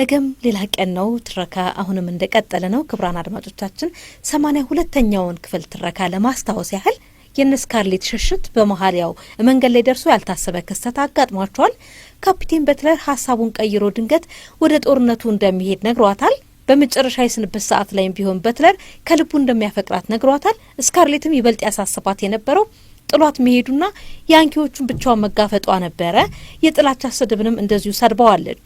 ነገም ሌላ ቀን ነው። ትረካ አሁንም እንደቀጠለ ነው። ክቡራን አድማጮቻችን ሰማንያ ሁለተኛውን ክፍል ትረካ ለማስታወስ ያህል የነ ስካርሌት ሽሽት በመሀል ያው መንገድ ላይ ደርሶ ያልታሰበ ክስተት አጋጥሟቸዋል። ካፒቴን በትለር ሀሳቡን ቀይሮ ድንገት ወደ ጦርነቱ እንደሚሄድ ነግሯታል። በመጨረሻ የስንብት ሰዓት ላይም ቢሆን በትለር ከልቡ እንደሚያፈቅራት ነግሯታል። ስካርሌትም ይበልጥ ያሳስባት የነበረው ጥሏት መሄዱና ያንኪዎቹን ብቻዋን መጋፈጧ ነበረ። የጥላቻ ስድብንም እንደዚሁ ሰድባዋለች።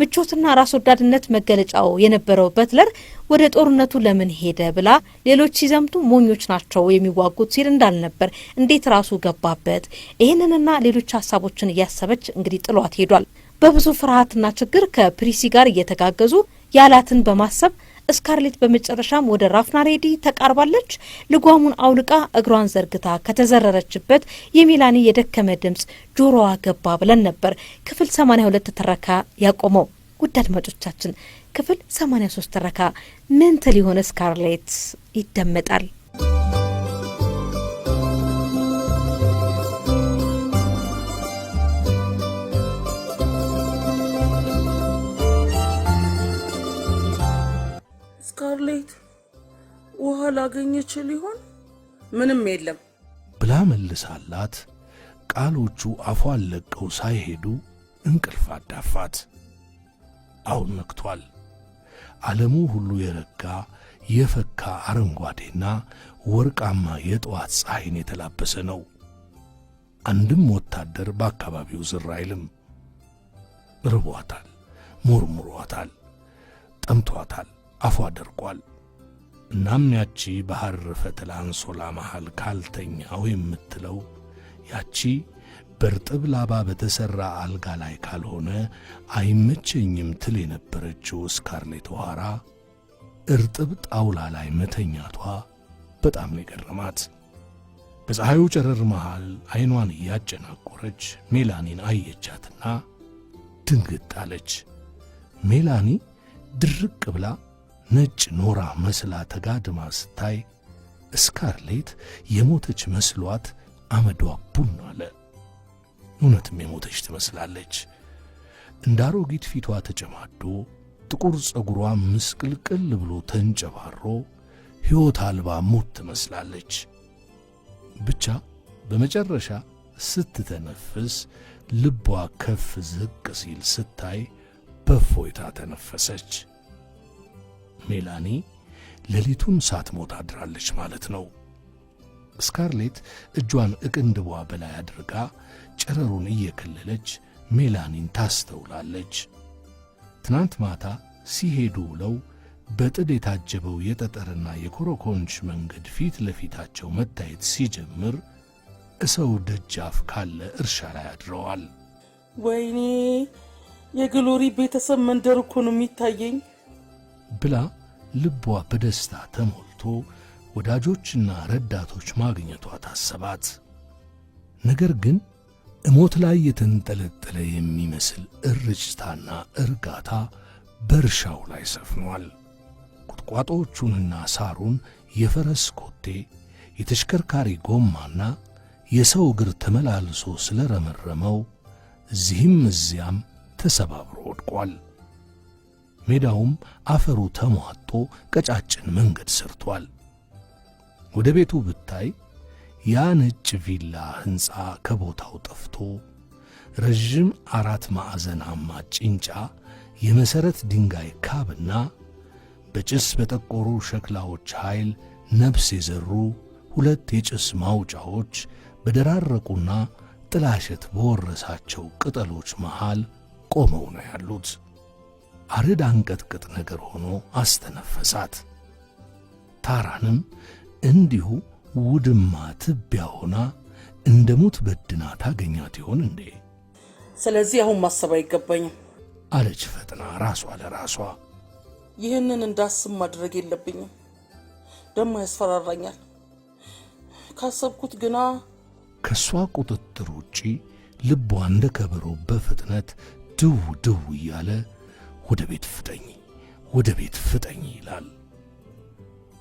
ምቾትና ራስ ወዳድነት መገለጫው የነበረው በትለር ወደ ጦርነቱ ለምን ሄደ ብላ ሌሎች ሲዘምቱ ሞኞች ናቸው የሚዋጉት ሲል እንዳልነበር እንዴት ራሱ ገባበት? ይህንንና ሌሎች ሀሳቦችን እያሰበች እንግዲህ ጥሏት ሄዷል። በብዙ ፍርሃትና ችግር ከፕሪሲ ጋር እየተጋገዙ ያላትን በማሰብ እስካርሌት በመጨረሻም ወደ ራፍናሬዲ ተቃርባለች። ልጓሙን አውልቃ እግሯን ዘርግታ ከተዘረረችበት የሚላኒ የደከመ ድምፅ ጆሮዋ ገባ ብለን ነበር ክፍል 82 ትረካ ያቆመው። ውድ አድማጮቻችን ክፍል 83 ትረካ ምን ትል የሆነ እስካርሌት ይደመጣል። ውሃ ላገኘች ሊሆን ምንም የለም ብላ መልሳላት። ቃሎቹ አፏን ለቀው ሳይሄዱ እንቅልፍ አዳፋት። አሁን ነግቷል። ዓለሙ ሁሉ የረጋ የፈካ አረንጓዴና ወርቃማ የጠዋት ፀሐይን የተላበሰ ነው። አንድም ወታደር በአካባቢው ዝር አይልም። ርቧታል፣ ሞርሙሯታል፣ ጠምቷታል፣ አፏ ደርቋል። እናም ያቺ በሐር ፈትል አንሶላ መሃል ካልተኛው የምትለው ያቺ በርጥብ ላባ በተሠራ አልጋ ላይ ካልሆነ አይመቸኝም ትል የነበረችው ስካርሌት ኦሃራ እርጥብ ጣውላ ላይ መተኛቷ በጣም የገረማት በፀሐዩ ጨረር መሃል ዐይኗን እያጨናቆረች ሜላኒን አየቻትና ድንግጥ አለች። ሜላኒ ድርቅ ብላ ነጭ ኖራ መስላ ተጋድማ ስታይ እስካርሌት የሞተች መስሏት አመዷ ቡን አለ። እውነትም የሞተች ትመስላለች። እንደ አሮጊት ፊቷ ተጨማዶ ጥቁር ፀጉሯ ምስቅልቅል ብሎ ተንጨባሮ ሕይወት አልባ ሞት ትመስላለች። ብቻ በመጨረሻ ስትተነፍስ ልቧ ከፍ ዝቅ ሲል ስታይ በእፎይታ ተነፈሰች። ሜላኒ ሌሊቱን ሳትሞት አድራለች ማለት ነው። ስካርሌት እጇን እቅንድቧ በላይ አድርጋ ጨረሩን እየከለለች ሜላኒን ታስተውላለች። ትናንት ማታ ሲሄዱ ውለው በጥድ የታጀበው የጠጠርና የኮረኮንች መንገድ ፊት ለፊታቸው መታየት ሲጀምር እሰው ደጃፍ ካለ እርሻ ላይ አድረዋል። ወይኔ የግሎሪ ቤተሰብ መንደር እኮ ነው የሚታየኝ ብላ ልቧ በደስታ ተሞልቶ ወዳጆችና ረዳቶች ማግኘቷ ታሰባት። ነገር ግን እሞት ላይ የተንጠለጠለ የሚመስል እርጭታና እርጋታ በእርሻው ላይ ሰፍኗል። ቁጥቋጦዎቹንና ሳሩን የፈረስ ኮቴ፣ የተሽከርካሪ ጎማና የሰው እግር ተመላልሶ ስለረመረመው እዚህም እዚያም ተሰባብሮ ወድቋል። ሜዳውም አፈሩ ተሟጦ ቀጫጭን መንገድ ሰርቷል። ወደ ቤቱ ብታይ ያ ነጭ ቪላ ሕንፃ ከቦታው ጠፍቶ ረዥም አራት ማዕዘናማ ጭንጫ የመሠረት ድንጋይ ካብና በጭስ በጠቆሩ ሸክላዎች ኃይል ነፍስ የዘሩ ሁለት የጭስ ማውጫዎች በደራረቁና ጥላሸት በወረሳቸው ቅጠሎች መሃል ቆመው ነው ያሉት። አረድ አንቀጥቅጥ ነገር ሆኖ አስተነፈሳት። ታራንም እንዲሁ ውድማ ትቢያ ሆና እንደ ሞት በድና ታገኛት ይሆን እንዴ? ስለዚህ አሁን ማሰብ አይገባኝም አለች ፈጥና ራሷ ለራሷ ይህንን እንዳስብ ማድረግ የለብኝም። ደሞ ያስፈራራኛል። ካሰብኩት ግና ከእሷ ቁጥጥር ውጪ ልቧ እንደ ከበሮ በፍጥነት ድው ድው እያለ ወደ ቤት ፍጠኝ፣ ወደ ቤት ፍጠኝ ይላል።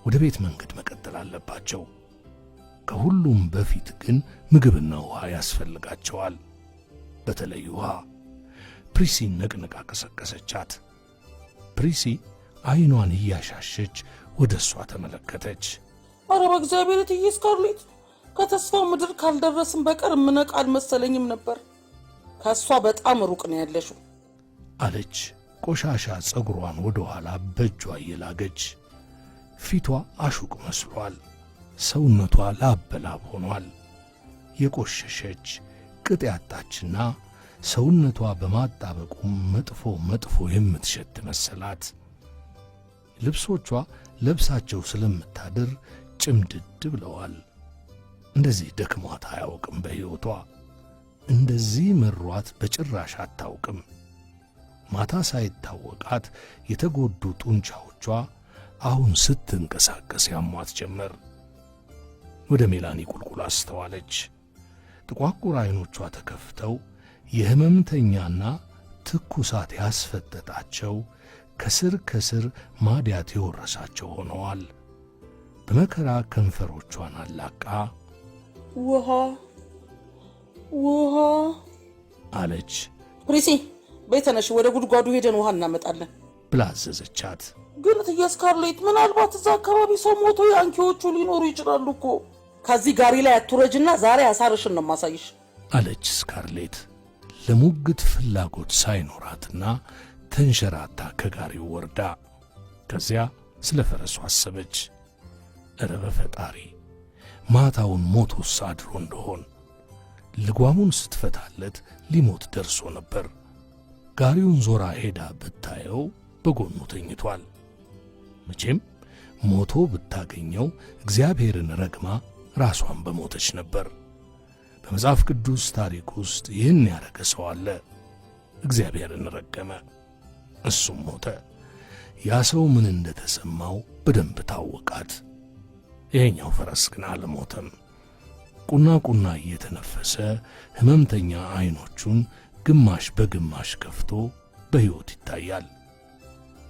ወደ ቤት መንገድ መቀጠል አለባቸው። ከሁሉም በፊት ግን ምግብና ውሃ ያስፈልጋቸዋል። በተለይ ውሃ። ፕሪሲን ነቅነቃ ቀሰቀሰቻት። ፕሪሲ አይኗን እያሻሸች ወደ እሷ ተመለከተች። አረ በእግዚአብሔር እትዬ ስካርሌት፣ ከተስፋ ምድር ካልደረስን በቀር እምነቃ አልመሰለኝም ነበር። ከእሷ በጣም ሩቅ ነው ያለሽው አለች። ቆሻሻ ጸጉሯን ወደ ኋላ በእጇ እየላገች ፊቷ አሹቅ መስሏል። ሰውነቷ ላበላብ ሆኗል። የቆሸሸች ቅጥ ያጣችና ሰውነቷ በማጣበቁ መጥፎ መጥፎ የምትሸት መሰላት። ልብሶቿ ለብሳቸው ስለምታድር ጭምድድ ብለዋል። እንደዚህ ደክሟት አያውቅም በሕይወቷ። እንደዚህ መሯት በጭራሽ አታውቅም። ማታ ሳይታወቃት የተጎዱ ጡንቻዎቿ አሁን ስትንቀሳቀስ ያሟት ጀመር። ወደ ሜላኒ ቁልቁል አስተዋለች። ጥቋቁር ዐይኖቿ ተከፍተው የሕመምተኛና ትኩሳት ያስፈጠጣቸው ከስር ከስር ማዲያት የወረሳቸው ሆነዋል። በመከራ ከንፈሮቿን አላቃ ውሃ ውሃ አለች። ሪሲ በተነሽ ወደ ጉድጓዱ ሄደን ውሃ እናመጣለን ብላ አዘዘቻት። ግን እትዬ ስካርሌት፣ ምናልባት እዛ አካባቢ ሰው ሞቶ የአንኪዎቹ ሊኖሩ ይችላሉ እኮ። ከዚህ ጋሪ ላይ አትውረጅና ዛሬ አሳርሽን ነው ማሳይሽ አለች ስካርሌት ለሙግት ፍላጎት ሳይኖራትና ተንሸራታ ከጋሪው ወርዳ። ከዚያ ስለ ፈረሱ አሰበች። እረ በፈጣሪ ማታውን ሞቶስ አድሮ እንደሆን ልጓሙን ስትፈታለት ሊሞት ደርሶ ነበር። ጋሪውን ዞራ ሄዳ ብታየው በጎኑ ተኝቷል። መቼም ሞቶ ብታገኘው እግዚአብሔርን ረግማ ራሷን በሞተች ነበር። በመጽሐፍ ቅዱስ ታሪክ ውስጥ ይህን ያደረገ ሰው አለ። እግዚአብሔርን ረገመ፣ እሱም ሞተ። ያ ሰው ምን እንደተሰማው በደንብ ታወቃት። ይሄኛው ፈረስ ግን አልሞተም። ቁና ቁና እየተነፈሰ ሕመምተኛ ዐይኖቹን ግማሽ በግማሽ ከፍቶ በሕይወት ይታያል።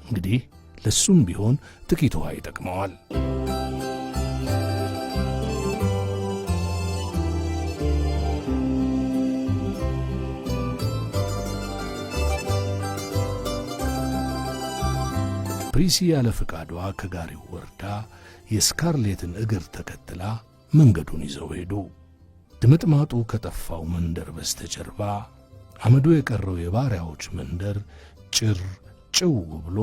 እንግዲህ ለሱም ቢሆን ጥቂት ውሃ ይጠቅመዋል። ፕሪሲ ያለ ፈቃዷ ከጋሪው ወርዳ የስካርሌትን እግር ተከትላ መንገዱን ይዘው ሄዱ። ድምጥማጡ ከጠፋው መንደር በስተጀርባ አመዱ የቀረው የባሪያዎች መንደር ጭር ጭው ብሎ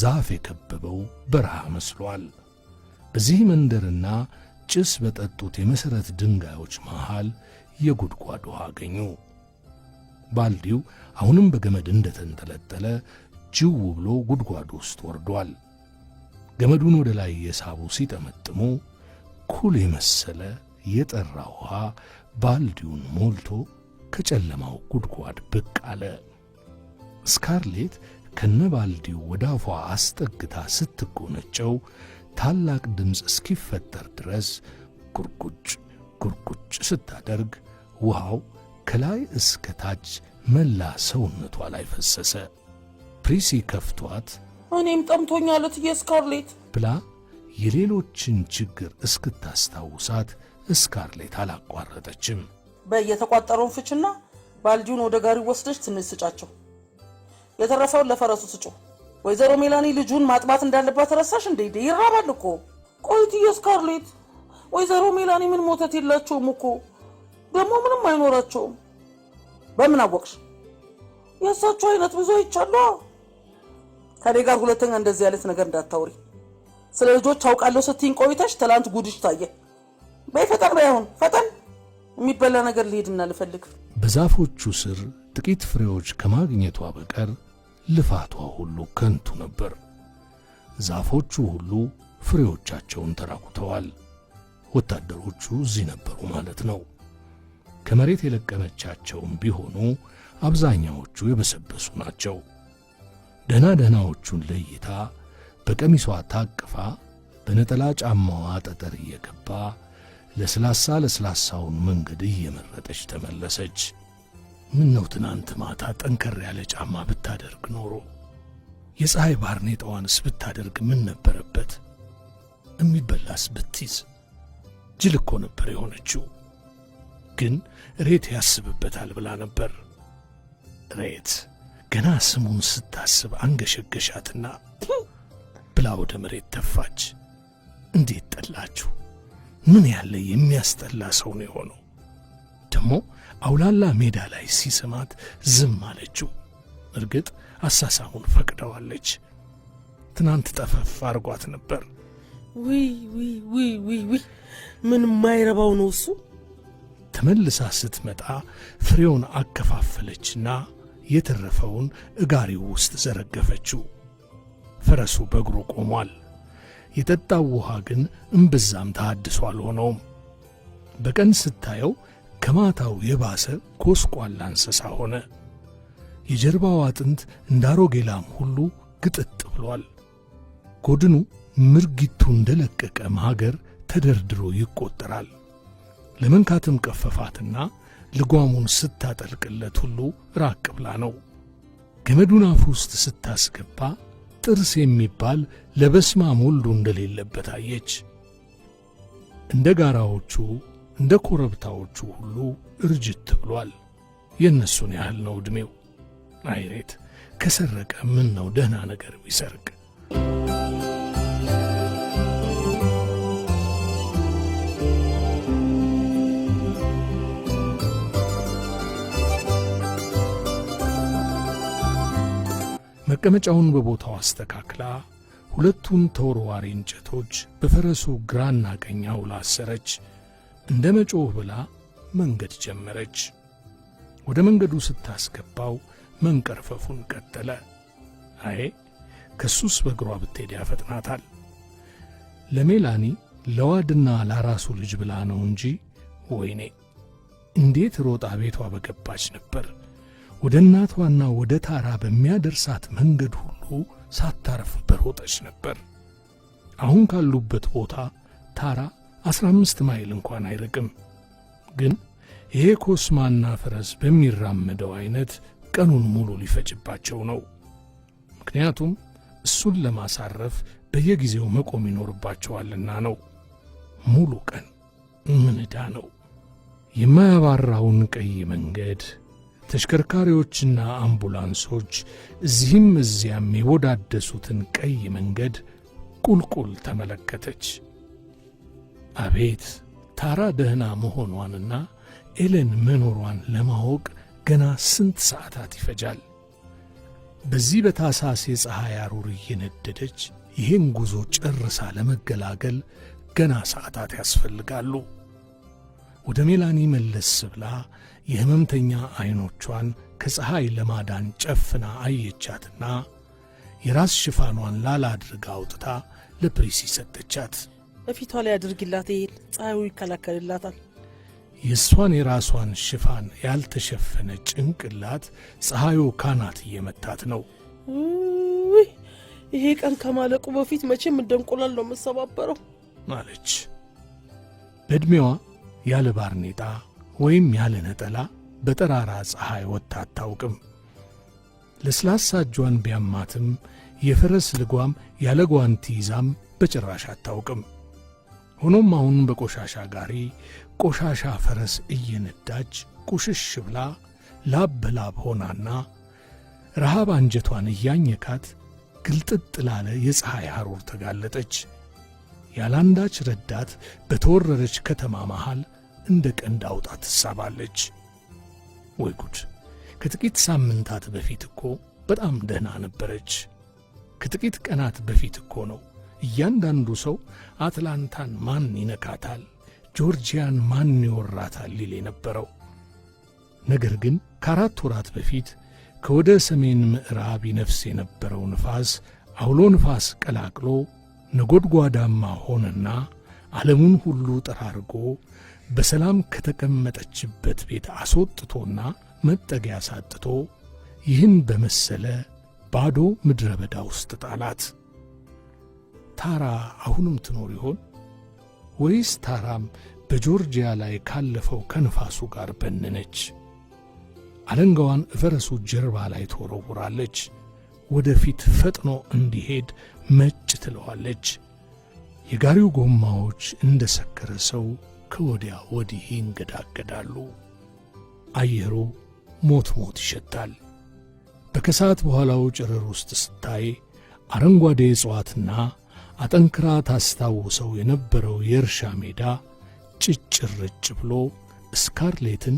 ዛፍ የከበበው በረሃ መስሏል። በዚህ መንደርና ጭስ በጠጡት የመሠረት ድንጋዮች መሃል የጉድጓድ ውሃ አገኙ። ባልዲው አሁንም በገመድ እንደተንጠለጠለ ጅው ብሎ ጉድጓድ ውስጥ ወርዷል። ገመዱን ወደ ላይ የሳቡ ሲጠመጥሙ ኩል የመሰለ የጠራ ውሃ ባልዲውን ሞልቶ ከጨለማው ጉድጓድ ብቅ አለ። ስካርሌት ከነባልዲው ወደ አፏ አስጠግታ ስትጎነጨው ታላቅ ድምፅ እስኪፈጠር ድረስ ጉርጉጭ ጉርጉጭ ስታደርግ ውሃው ከላይ እስከ ታች መላ ሰውነቷ ላይ ፈሰሰ። ፕሪሲ ከፍቷት እኔም ጠምቶኛል እትዬ ስካርሌት ብላ የሌሎችን ችግር እስክታስታውሳት ስካርሌት አላቋረጠችም። የተቋጠረውን ፍችና ባልዲውን ወደ ጋሪ ወስደች ትንሽ ስጫቸው። የተረፈውን ለፈረሱ ስጮ። ወይዘሮ ሜላኒ ልጁን ማጥባት እንዳለባት ረሳሽ እንዴ? ይራባል እኮ። ቆይ ስካርሌት፣ ወይዘሮ ሜላኒ ምን ሞተት የላቸውም እኮ ደግሞ ምንም አይኖራቸውም። በምን አወቅሽ? የእሳቸው አይነት ብዙ አይቻሉ። ከኔ ጋር ሁለተኛ እንደዚህ አይነት ነገር እንዳታውሪ። ስለ ልጆች አውቃለሁ ስትይኝ ቆይተሽ ትላንት ጉድሽ ታየ። በይ ፈጠን በይ፣ አሁን ፈጠን የሚበላ ነገር ልሄድና ልፈልግ። በዛፎቹ ስር ጥቂት ፍሬዎች ከማግኘቷ በቀር ልፋቷ ሁሉ ከንቱ ነበር። ዛፎቹ ሁሉ ፍሬዎቻቸውን ተራኩተዋል። ወታደሮቹ እዚህ ነበሩ ማለት ነው። ከመሬት የለቀመቻቸውም ቢሆኑ አብዛኛዎቹ የበሰበሱ ናቸው። ደህና ደህናዎቹን ለይታ በቀሚሷ ታቅፋ በነጠላ ጫማዋ ጠጠር እየገባ ለስላሳ ለስላሳውን መንገድ እየመረጠች ተመለሰች። ነው ትናንት ማታ ጠንከር ያለ ጫማ ብታደርግ ኖሮ የፀሐይ ባርኔጣዋንስ ብታደርግ ምን ነበረበት? የሚበላስ ብትይዝ ጅል እኮ ነበር የሆነችው። ግን ሬት ያስብበታል ብላ ነበር። ሬት ገና ስሙን ስታስብ አንገሸገሻትና ብላ ወደ መሬት ተፋች። እንዴት ጠላችሁ! ምን ያለ የሚያስጠላ ሰው ነው የሆነው። ደግሞ አውላላ ሜዳ ላይ ሲስማት ዝም አለችው። እርግጥ አሳሳሙን ፈቅደዋለች። ትናንት ጠፈፍ አርጓት ነበር። ውይ ውይ ውይ ውይ ውይ! ምን የማይረባው ነው እሱ። ተመልሳ ስትመጣ ፍሬውን አከፋፈለችና የተረፈውን እጋሪው ውስጥ ዘረገፈችው። ፈረሱ በእግሩ ቆሟል። የጠጣው ውሃ ግን እምብዛም ተሃድሶ አልሆነውም። በቀን ስታየው ከማታው የባሰ ኮስቋላ እንስሳ ሆነ። የጀርባው አጥንት እንደ አሮጌ ላም ሁሉ ግጥጥ ብሏል። ጎድኑ ምርጊቱ እንደለቀቀ ማገር ተደርድሮ ይቆጠራል። ለመንካትም ቀፈፋትና ልጓሙን ስታጠልቅለት ሁሉ ራቅ ብላ ነው። ገመዱን አፍ ውስጥ ስታስገባ ጥርስ የሚባል ለበስማም ወልዱ እንደሌለበት አየች። እንደ ጋራዎቹ እንደ ኮረብታዎቹ ሁሉ እርጅት ብሏል። የእነሱን ያህል ነው ዕድሜው። አይሬት ከሰረቀ ምን ነው ደህና ነገር ቢሰርቅ መቀመጫውን በቦታው አስተካክላ ሁለቱን ተወርዋሪ እንጨቶች በፈረሱ ግራና ቀኝ አውላ አሰረች። እንደ መጮህ ብላ መንገድ ጀመረች። ወደ መንገዱ ስታስገባው መንቀርፈፉን ቀጠለ። አይ ከሱስ በእግሯ ብትሄድ ያፈጥናታል። ለሜላኒ ለዋድና ለራሱ ልጅ ብላ ነው እንጂ ወይኔ እንዴት ሮጣ ቤቷ በገባች ነበር። ወደ እናቷና ወደ ታራ በሚያደርሳት መንገድ ሁሉ ሳታረፍ በሮጠች ነበር። አሁን ካሉበት ቦታ ታራ አስራ አምስት ማይል እንኳን አይርቅም። ግን ይሄ ኮስማና ፈረስ በሚራመደው ዐይነት ቀኑን ሙሉ ሊፈጅባቸው ነው። ምክንያቱም እሱን ለማሳረፍ በየጊዜው መቆም ይኖርባቸዋልና ነው። ሙሉ ቀን ምን ዕዳ ነው? የማያባራውን ቀይ መንገድ ተሽከርካሪዎችና አምቡላንሶች እዚህም እዚያም የወዳደሱትን ቀይ መንገድ ቁልቁል ተመለከተች። አቤት ታራ ደህና መሆኗንና ኤለን መኖሯን ለማወቅ ገና ስንት ሰዓታት ይፈጃል? በዚህ በታሳስ የፀሐይ አሩር እየነደደች ይህን ጉዞ ጨርሳ ለመገላገል ገና ሰዓታት ያስፈልጋሉ። ወደ ሜላኒ መለስ ብላ የሕመምተኛ ዐይኖቿን ከፀሐይ ለማዳን ጨፍና አየቻትና የራስ ሽፋኗን ላላ አድርጋ አውጥታ ለፕሪሲ ሰጠቻት። በፊቷ ላይ አድርጊላት፣ ይሄን ፀሐዩ ይከላከልላታል። የእሷን የራሷን ሽፋን ያልተሸፈነ ጭንቅላት ፀሐዩ ካናት እየመታት ነው። ይሄ ቀን ከማለቁ በፊት መቼም እንደንቁላል ነው የምሰባበረው አለች። በዕድሜዋ ያለ ባርኔጣ ወይም ያለ ነጠላ በጠራራ ፀሐይ ወጥታ አታውቅም። ለስላሳ እጇን ቢያማትም የፈረስ ልጓም ያለ ጓንቲ ይዛም በጭራሽ አታውቅም። ሆኖም አሁን በቆሻሻ ጋሪ ቆሻሻ ፈረስ እየነዳች ቁሽሽ ብላ ላብ በላብ ሆናና ረሃብ አንጀቷን እያኘካት ግልጥጥ ላለ የፀሐይ ሐሩር ተጋለጠች። ያላንዳች ረዳት በተወረረች ከተማ መሃል እንደ ቀንድ አውጣ ትሳባለች። ወይ ጉድ! ከጥቂት ሳምንታት በፊት እኮ በጣም ደህና ነበረች። ከጥቂት ቀናት በፊት እኮ ነው እያንዳንዱ ሰው አትላንታን ማን ይነካታል፣ ጆርጂያን ማን ይወራታል ሊል የነበረው። ነገር ግን ከአራት ወራት በፊት ከወደ ሰሜን ምዕራብ ይነፍስ የነበረው ንፋስ አውሎ ንፋስ ቀላቅሎ ነጎድጓዳማ ሆነና ዓለሙን ሁሉ ጠራርጎ በሰላም ከተቀመጠችበት ቤት አስወጥቶና መጠጊያ ሳጥቶ ይህን በመሰለ ባዶ ምድረ በዳ ውስጥ ጣላት። ታራ አሁንም ትኖር ይሆን ወይስ ታራም በጆርጂያ ላይ ካለፈው ከንፋሱ ጋር በነነች? አለንጋዋን እፈረሱ ጀርባ ላይ ትወረውራለች። ወደ ፊት ፈጥኖ እንዲሄድ መጭ ትለዋለች። የጋሪው ጎማዎች እንደ ሰከረ ሰው ከወዲያ ወዲህ ይንገዳገዳሉ። አየሩ ሞት ሞት ይሸታል። በከሰዓት በኋላው ጨረር ውስጥ ስታይ አረንጓዴ እጽዋትና አጠንክራ ታስታውሰው የነበረው የእርሻ ሜዳ ጭጭርጭ ብሎ እስካርሌትን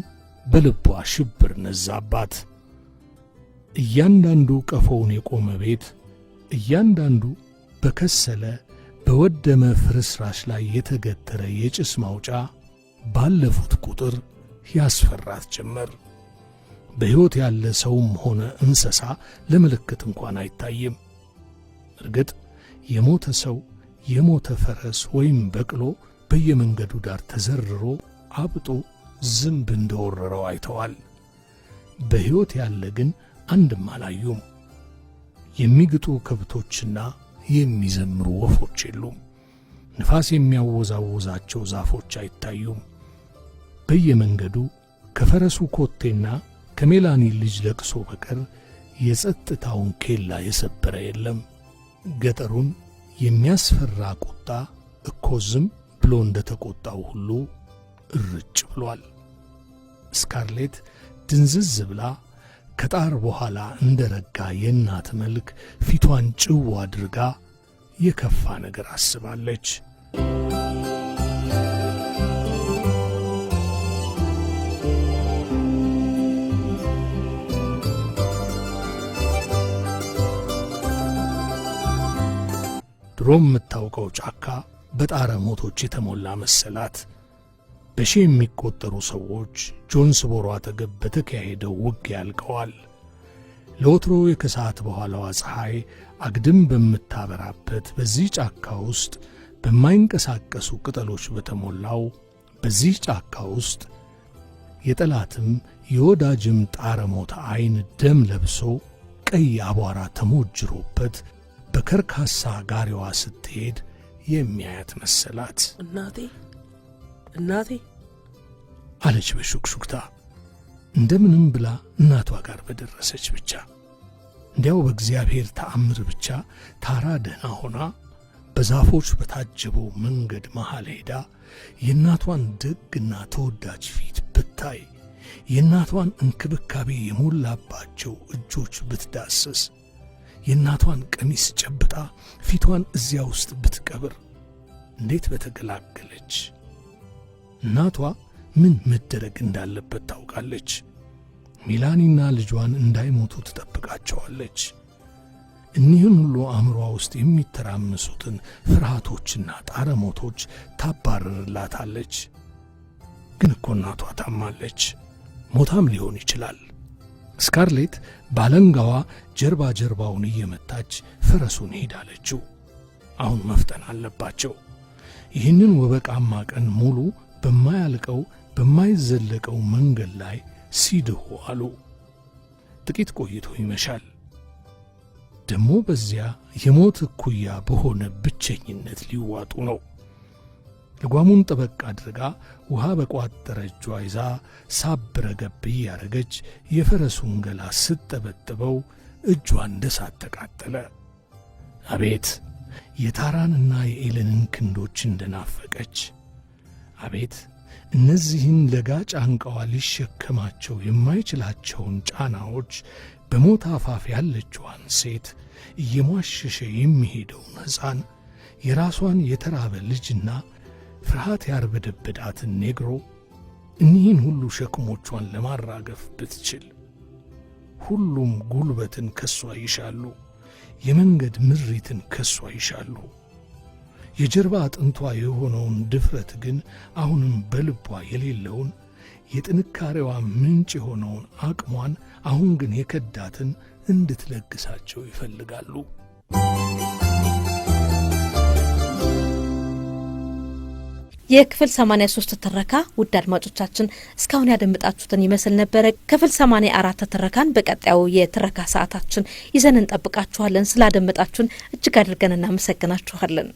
በልቧ ሽብር ነዛባት። እያንዳንዱ ቀፎውን የቆመ ቤት፣ እያንዳንዱ በከሰለ በወደመ ፍርስራሽ ላይ የተገተረ የጭስ ማውጫ ባለፉት ቁጥር ያስፈራት ጭምር። በሕይወት ያለ ሰውም ሆነ እንስሳ ለምልክት እንኳን አይታይም። እርግጥ የሞተ ሰው የሞተ ፈረስ ወይም በቅሎ በየመንገዱ ዳር ተዘርሮ አብጦ ዝንብ እንደወረረው አይተዋል። በሕይወት ያለ ግን አንድም አላዩም። የሚግጡ ከብቶችና የሚዘምሩ ወፎች የሉም። ንፋስ የሚያወዛውዛቸው ዛፎች አይታዩም። በየመንገዱ ከፈረሱ ኮቴና ከሜላኒ ልጅ ለቅሶ በቀር የጸጥታውን ኬላ የሰበረ የለም። ገጠሩን የሚያስፈራ ቁጣ እኮ ዝም ብሎ እንደ ተቆጣው ሁሉ እርጭ ብሏል። ስካርሌት ድንዝዝ ብላ ከጣር በኋላ እንደ ረጋ የእናት መልክ ፊቷን ጭው አድርጋ የከፋ ነገር አስባለች። ድሮም የምታውቀው ጫካ በጣረ ሞቶች የተሞላ መሰላት። በሺ የሚቆጠሩ ሰዎች ጆንስቦሮ አጠገብ በተካሄደው ውጊያ አልቀዋል። ለወትሮ የከሰዓት በኋላዋ ፀሐይ አግድም በምታበራበት በዚህ ጫካ ውስጥ በማይንቀሳቀሱ ቅጠሎች በተሞላው በዚህ ጫካ ውስጥ የጠላትም የወዳጅም ጣረሞት ዐይን ደም ለብሶ ቀይ አቧራ ተሞጅሮበት በከርካሳ ጋሪዋ ስትሄድ የሚያያት መሰላት እናቴ እናቴ አለች በሹክሹክታ። እንደምንም ብላ እናቷ ጋር በደረሰች ብቻ እንዲያው በእግዚአብሔር ተአምር ብቻ ታራ ደህና ሆና በዛፎች በታጀበው መንገድ መሃል ሄዳ የእናቷን ደግና ተወዳጅ ፊት ብታይ የእናቷን እንክብካቤ የሞላባቸው እጆች ብትዳስስ የእናቷን ቀሚስ ጨብጣ ፊቷን እዚያ ውስጥ ብትቀብር እንዴት በተገላገለች! እናቷ ምን መደረግ እንዳለበት ታውቃለች። ሜላኒና ልጇን እንዳይሞቱ ትጠብቃቸዋለች። እኒህን ሁሉ አእምሯ ውስጥ የሚተራምሱትን ፍርሃቶችና ጣረሞቶች ታባርርላታለች። ግን እኮ እናቷ ታማለች፣ ሞታም ሊሆን ይችላል። ስካርሌት ባለንጋዋ ጀርባ ጀርባውን እየመታች ፈረሱን ሄዳለችው። አሁን መፍጠን አለባቸው። ይህንን ወበቃማ ቀን ሙሉ በማያልቀው በማይዘለቀው መንገድ ላይ ሲድሁ አሉ። ጥቂት ቆይቶ ይመሻል። ደግሞ በዚያ የሞት እኩያ በሆነ ብቸኝነት ሊዋጡ ነው። ልጓሙን ጠበቅ አድርጋ ውሃ በቋጠረ እጇ ይዛ ሳብረገብ እያረገች የፈረሱን ገላ ስትጠበጥበው እጇ እንደ ሳት ተቃጠለ። አቤት የታራንና የኤለንን ክንዶች እንደናፈቀች አቤት እነዚህን ለጋ ጫንቃዋ ሊሸከማቸው የማይችላቸውን ጫናዎች በሞት አፋፍ ያለችዋን ሴት እየሟሸሸ የሚሄደውን ሕፃን የራሷን የተራበ ልጅና ፍርሃት ያርበደበዳትን ኔግሮ እኒህን ሁሉ ሸክሞቿን ለማራገፍ ብትችል ሁሉም ጉልበትን ከሷ ይሻሉ፣ የመንገድ ምሪትን ከሷ ይሻሉ። የጀርባ አጥንቷ የሆነውን ድፍረት ግን አሁንም በልቧ የሌለውን የጥንካሬዋ ምንጭ የሆነውን አቅሟን አሁን ግን የከዳትን እንድትለግሳቸው ይፈልጋሉ። የክፍል 83 ትረካ ውድ አድማጮቻችን እስካሁን ያደምጣችሁትን ይመስል ነበረ። ክፍል 84 ትረካን በቀጣዩ የትረካ ሰዓታችን ይዘን እንጠብቃችኋለን። ስላደመጣችሁን እጅግ አድርገን እናመሰግናችኋለን።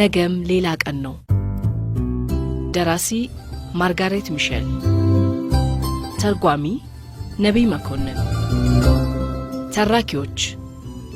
ነገም ሌላ ቀን ነው። ደራሲ ማርጋሬት ሚሼል፣ ተርጓሚ ነቢይ መኮንን፣ ተራኪዎች